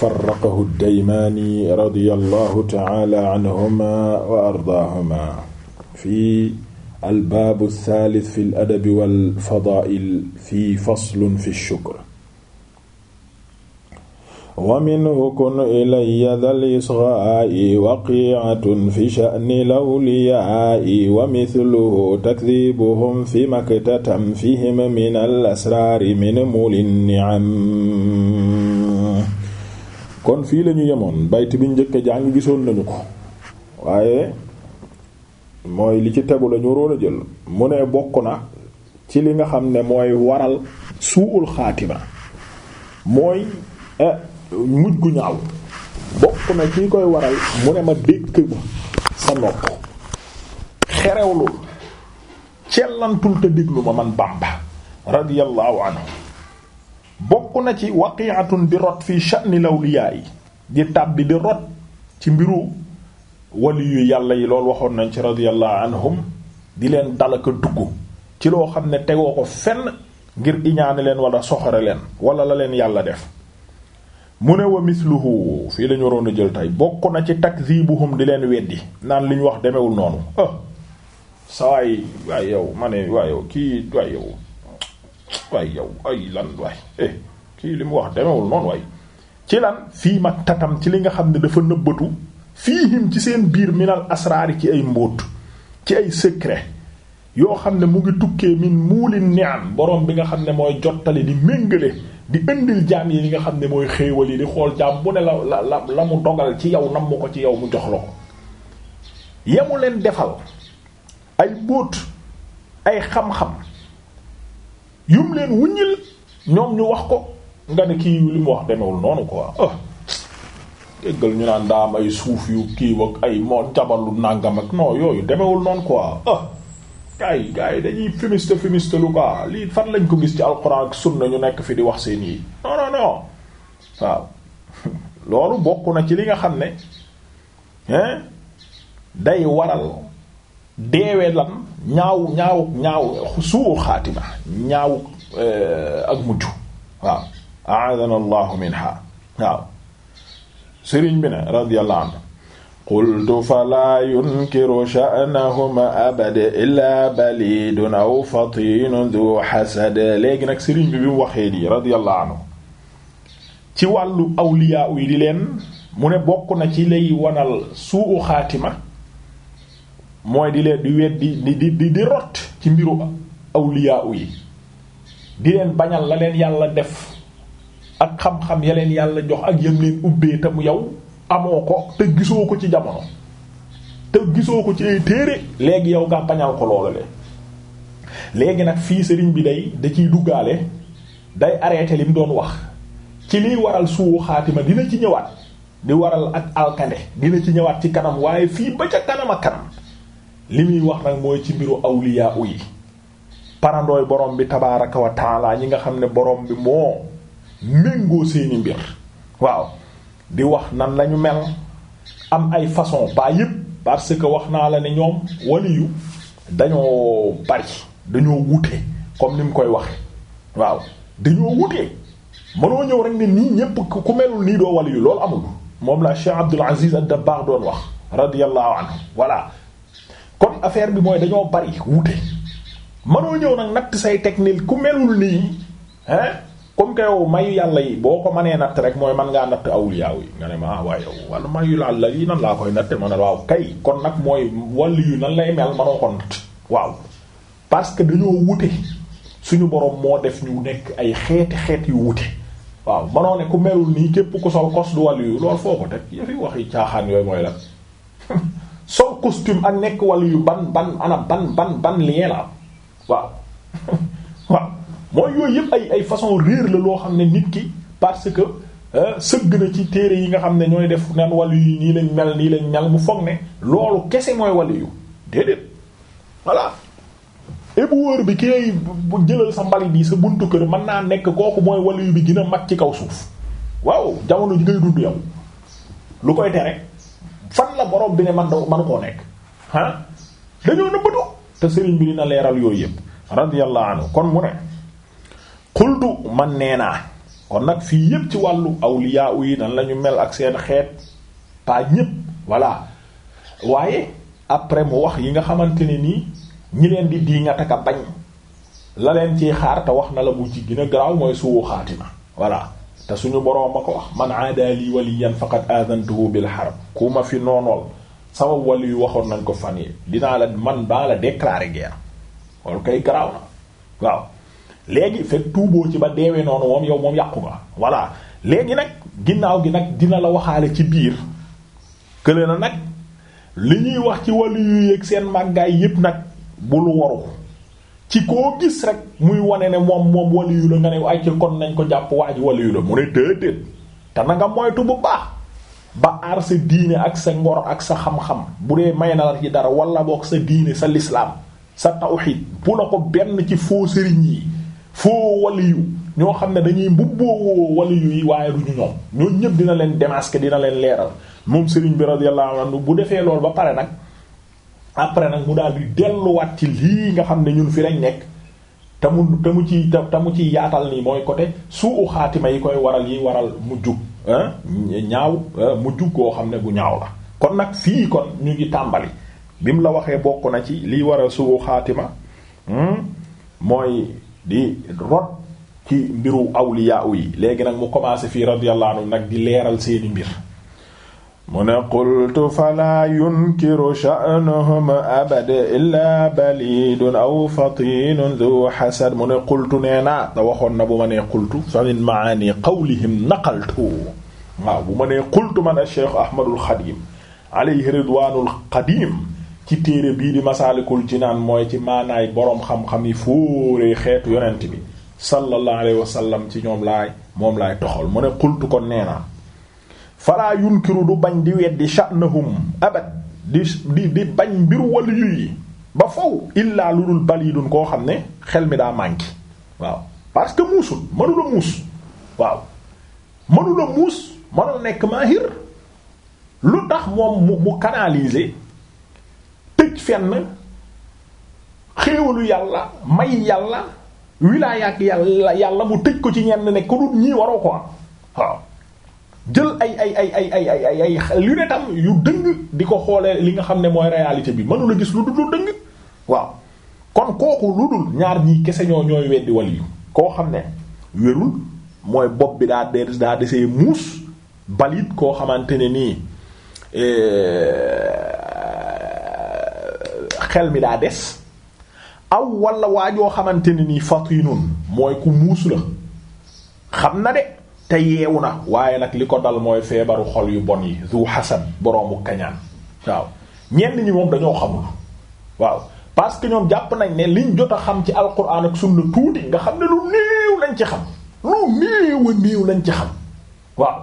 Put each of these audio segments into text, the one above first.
farraqahu daymaani radiyallahu ta'ala anhuma wa ardaahuma fi albaabu thalith fi l adabi wal fadaa'il fi faslun fi shukr wa minhu kun ilayya dhal isghaa'i waqi'atun fi sha'ni lawliyaa'i wa mithluhu takdhibuhum fi maktatamfihim min al asraari min mulin ni'am kon fii la ñu yemoon bayt bi njëkk a jàng gisoon nañu ko waaye mooy li ci tegu la ñu a jël mu ne bokk na ci li nga xam ne mooy waral suul xaatima mooy eh, mujj gu ñaaw bokk na ci koy waral mu ne ma dékk ma sa nopp xerewlul cellantul te déglu ma man Bamba radiyallahu anhu bokk na ci waqi'atun di rot fii sha'ni lawliyaa yi di tàbbi di rot ci mbiru waliyu yàlla yi lool waxoon nañ ci radiyallahu anhum di leen dalaka dugg ci loo xam ne tegoo ko fenn ngir iñaane leen wala soxore leen wala la leen yàlla def mu ne wa misluhu fii lañu waroon a jël tey bokk na ci takzibuhum di leen weddi naan li ñu wax demewul noonu ah sawaay waay yow ma waaye waay yow kii waay yow waay yow ay lan waay eh kii li mu wax demewul noonu waay ci lan fii mag tatam ci li nga xam ne dafa nëbbatu fii fiihim ci seen biir minal asraari ci ay mbóot ci ay secret yoo xam ne mu ngi tukkee min muuli ni'am borom bi nga xam ne mooy jottali di méngale di indil jaam yi li nga xam ne mooy xéewal yi di xool jaam bu ne la la la mu dogal ci yow namm ko ci yaw mu jox la ko yamu leen defal ay mbóot ay xam-xam yum leen wuññil ñoom ñu wax ko nga ne kii li mu wax demewul noonu quoi ah déggal ñu naan daa am ay suuf yu kii ak ay moo jabalu nàngam ak non yooyu demewul noonu quoi ah gars yi dañuy fumiste fumiste lu quoi lii fan lañ ko gis ci alxuraan ak sunna ñu nekk fi di wax seen yi non non waaw loolu bokk na ci li nga xam ne day waral deewee lan ñaaw ñaaw ñaaw suu xaatima ñaaw eh, ak mujj waaw aadana allahu minha waaw sëriñ bi ne radiyallahu anhu qultu falaa yunkiru sha'nahuma abada illaa balidun aw fatinun du xasad léegi nag sëriñ bi bi mu waxee di radiyallahu anhu ci wàllu awliyaa yi di leen mu ne bokk na ci lay wanal suu xaatima mooy di leen di weddi di di di rot ci mbiru awliyaa yi di leen bañal la leen yàlla def ak xam-xam ya leen yàlla jox ak yam leen ubbee te mu yow amoo ko te gisoo ko ci jamono te gisoo ko ci ay téere léegi yow nga bañal ko loolu léegi nag fii sëriñ bi day da ciy duggaale day arrêté li mu doon wax ci liy waral suwu xaatima dina ci ñëwaat di waral ak alkande dina ci ñëwaat ci kanam waaye fii ba ca kanam a kanam li muy wax nag mooy ci mbiru awliya yi parandooy borom bi tabaaraka wa taala ñi nga xam ne borom bi moo méngoo seeni mbir waaw di wax nan lañu mel am ay façon ba yépp parce que wax naa la ne ñoom waliyu dañoo bari dañoo wute comme ni mu koy waxe waaw dañoo wute mënoo ñëw rek ne nii ñépp ku melul nii doo waliyu loolu amul moom la Cheikh Abdul Aziz ad-Dabbagh doon wax radiyallahu anhu voilà kon affaire bi mooy dañoo bari wute mënoo ñëw nag natt say technique ku melul nii hein comme que yow mayu yàlla yi boo ko manee natt rek mooy man ngaa natt awliya yi nga ne ma ah waaye yow wala mayu yàlla yi nan laa koy natte ma ne waaw kay kon nag mooy wàllu yu nan lay mel manoo ko natt waaw parce que dañoo wute suñu borom moo def ñu nekk ay xeeti xeet yu wute waaw manoo ne ku melul nii képp ku sol kos du wàllu yu lool foo ko teg wax yi caaxaan yooyu mooy la sol costume ak nekk wàllu yu ban ban ana ban ban ban lien la am waaw waaw mooy yooyu yëpp ay ay façon réer la loo xam ne nit ki parce que euh, sëgg na ci téere yi nga xam ne ñooy def naan wàllu yu nii lañ mel nii leen mel mu foog ne loolu kese mooy wàllu yu déedéet voilà éboueur bi ki lay jëlal sa mbali yi sa buntu kër mën naa nekk kooku mooy wàllu yu bi dina a mag ci kaw suuf waaw jamono ji ngay dund yow lu koy tere fan la borom bi ne man da manu koo nekk ah dañoo nëbbatu te sëriñ bi na leeral yooyu yëpp radiyallahu anhu kon mu ne xultu man nee naa kon nag fii yëpp ci wàllu awliya yi nan la mel ak seen xeet pas ñëpp voilà waaye après mu wax yi nga xamante ne nii ñi leen di diingataka bañ la leen ciy xaar te wax na la bu ci gën a garaaw mooy suwu xaatima voilà te suñu boroom a ko wax man aadaali waliyan faqad aadantuhu bil harb ku ma fi noonool sama wàll yu waxoon nañ ko fan yi dinaa la man baa la déclarer guerre loolu kay garaaw na waaw léegi fekk tuuboo ci ba deewee noonu moom yow moom yàqu nga voilà léegi nag ginnaaw gi nag dina la waxaale ci biir kële na nag li ñuy wax ci wàllu yu yéeg seen màggaay yépp nag bul waru ci koo gis rek muy wone ne moom moom waliyu la nga ne ay kon nañ ko jàpp waa ji waliyu la mu ne déedéet te na nga moytu bu baax ba aar sa diine ak sa ngor ak sa xam-xam bu dee may na la ci dara wala boog sa diine sa lislaam sa tawxid bu la ko benn ci foo sëriñ yi foo waliyu ñoo xam ne dañuy mbubboo waliyu yi waaye duñu ñoom ñoo ñëpp dina leen démasquer dina leen leeral moom sëriñ bi radiyallahu anhu bu defee loolu ba pare nag après nag mu daal di delluwaat ci lii nga xam ne ñun fi lañ nekk te mu te mu ci te mu ci yaatal nii mooy côté suu xaatima yi koy waral yi waral mu jug ñaaw mu jug koo xam ne bu ñaaw la kon nag fii kon ñu ngi tàmbali bi mu la waxee bokk na ci liy waral suu xaatima hmm? mooy di rot ci mbiru awliya yi léegi nag mu commencé fii radiyallahu anhu nag di leeral seeni mbir mu ne qultu fala yunkiru sha'nuhum abad illaa balidun aw fatinun du hasad mu ne qultu nee naa te waxoon na bu ma nee qultu fa min maani qawlihim naqaltu waaw bu ma nee qultu man ash-shaykh ahmadul xadim alayhi ridwanul qadim ci téere bii di masaalikul jinaan mooy ci maanaay boroom xam-xam yi fóoree xeetu yonent bi sallallahu alayhi wa sallam ci ñoom laay moom laay toxal mu ne qultu kon nee naa falaa yunkiru du bañ di weddi sha'nahum abad di di di bañ mbir wala yuy ba faw illaa lu dul balidun koo xam ne xel mi daa manqué waaw parce que muusul mënula muus waaw mënula muus mënul nekk maahir lu tax moom mu mu canaliser tëj fenn xéewalu yàlla may yàlla wilaayaak yàlla yàlla mu tëj ko ci ñenn ne ko ñii waroo ko waaw jël ay ay ay ay ay ay ay ay lunette am yu dëng di ko xoolee li nga xam ne mooy réalité bi mënula gis lu dul dëng waaw kon kooku lu dul ñaar ñii kese ñoo ñooy weddi wàll yi koo xam ne wérul mooy bopp bi daa de daa desee muus balit koo xamante ne nii eh, xel mi daa des aw wala waajoo xamante ne nii fatinun mooy ku muus la xam na de. te yeewu na waaye nag li ko dal mooy feebaru xol yu bon yi zu xasan boroomu kañaan waaw ñenn ñi moom dañoo xamul waaw parce que ñoom jàpp nañ ne liñ jot a xam ci alquran ak sunna tuuti nga xam ne lu néew lañ ci xam lu néew a néew lañ ci xam waaw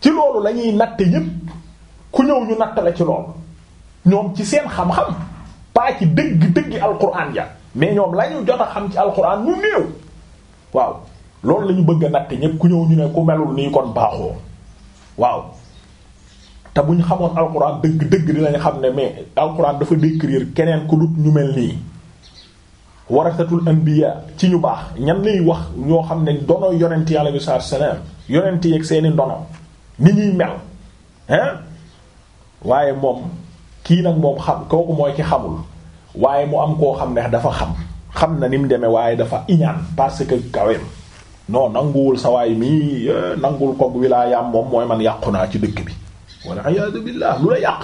ci loolu lañuy natt yépp ku ñëw ñu nattale ci loolu ñoom ci seen xam-xam pas ci dëgg dëggi alquran ja mais ñoom lañu jot a xam ci alquran lu néew waaw loolu la ñu bëgg a natt ñépp ku ñëw ñu ne ku melul nii kon baaxoo waaw te bu xamoon alxuraan dëgg dëgg dinañ xam ne mais alxuraan dafa décrire keneen ku ñu mel nii warasatul anbiya ci ñu baax ñan lay wax ñoo xam ne dono yonent yi alayhi salaam yonent yi ak seeni ndono ni ñuy mel hein waaye moom kii nag moom xam kooku mooy ki xamul waaye mu am koo xam ne dafa xam xam na ni mu demee waaye dafa iñaan parce que kaweem non nanguwul sawaay mii eh, nanguwul koog wilaayaam moom mooy man yàqu naa ci dëkk bi walla iyaadu billaah lu la yàq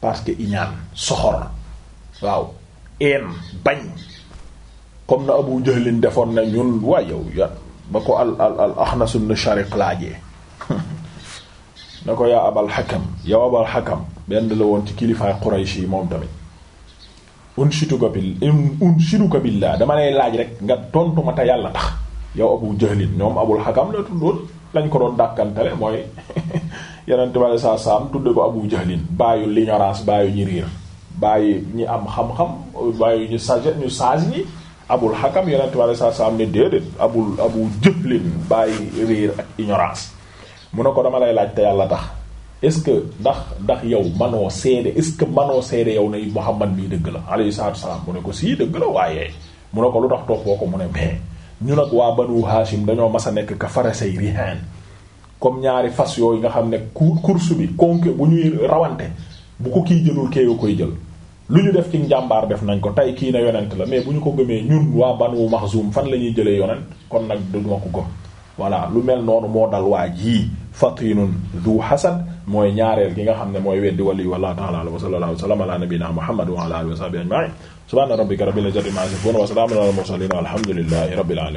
parce que iñaan soxor waaw een bañ comme na Abu Jahlin defoon na ñun waa yow ya ba ko al al al Axnas ibn Shariq laajee na ko yaa abal xakam yow abal xakam benn la woon ci kilifaay Quraysh moom tamit unsituka billaah dama lay laaj rek nga tontu yàlla tax yow abu jëlin ñoom abul xakam la tuddoon lañ ko doon dàkkantele mooy yeneen bale saa saam tudde ko abu jahlin bàyyu l'ignorance bàyyu ñu riir bàyyi ñu am xam-xam bàyyi ñu sage ñu sage yi abul xakam yeneen bale saa saam ne déedéet abul abu jahlin bàyyi riir ak ignorance mun ne ko dama lay laaj te yàlla tax est-ce que ndax ndax yow manoo seede est-ce que manoo seede yow ne Muhammad mii dëgg la alayhi salaatu wa salaam mu ne ko sii dëgg la waaye mu ne ko lu tax toppoo ko mu ne mais ñun ak waa wu Hashim dañoo mas a nekk ka farasay rihaan comme ñaari fas yooyu nga xam ne cour course bi conque bu ñuy rawante bu ko kii jëlul kee koy jël. lu ñu def ci njàmbaar def nañ ko tey kii na yonent la mais bu ñu ko gëmee ñun waa banu Maxzum fan la ñuy jëlee yonent kon nag du ma ko gëm voilà lu mel noonu moo dal waa ji fatinun du hasad mooy ñaareel gi nga xam ne mooy weddi wali wallahu ta'ala wa sallallahu alayhi wa sallam ala nabina Muhammad wa ala alihi wa sahbihi ajma'in subhaana rabbika rabbil izzati amma yasifun wa salaamun alal mursaliin walhamdulillahi rabbil alamin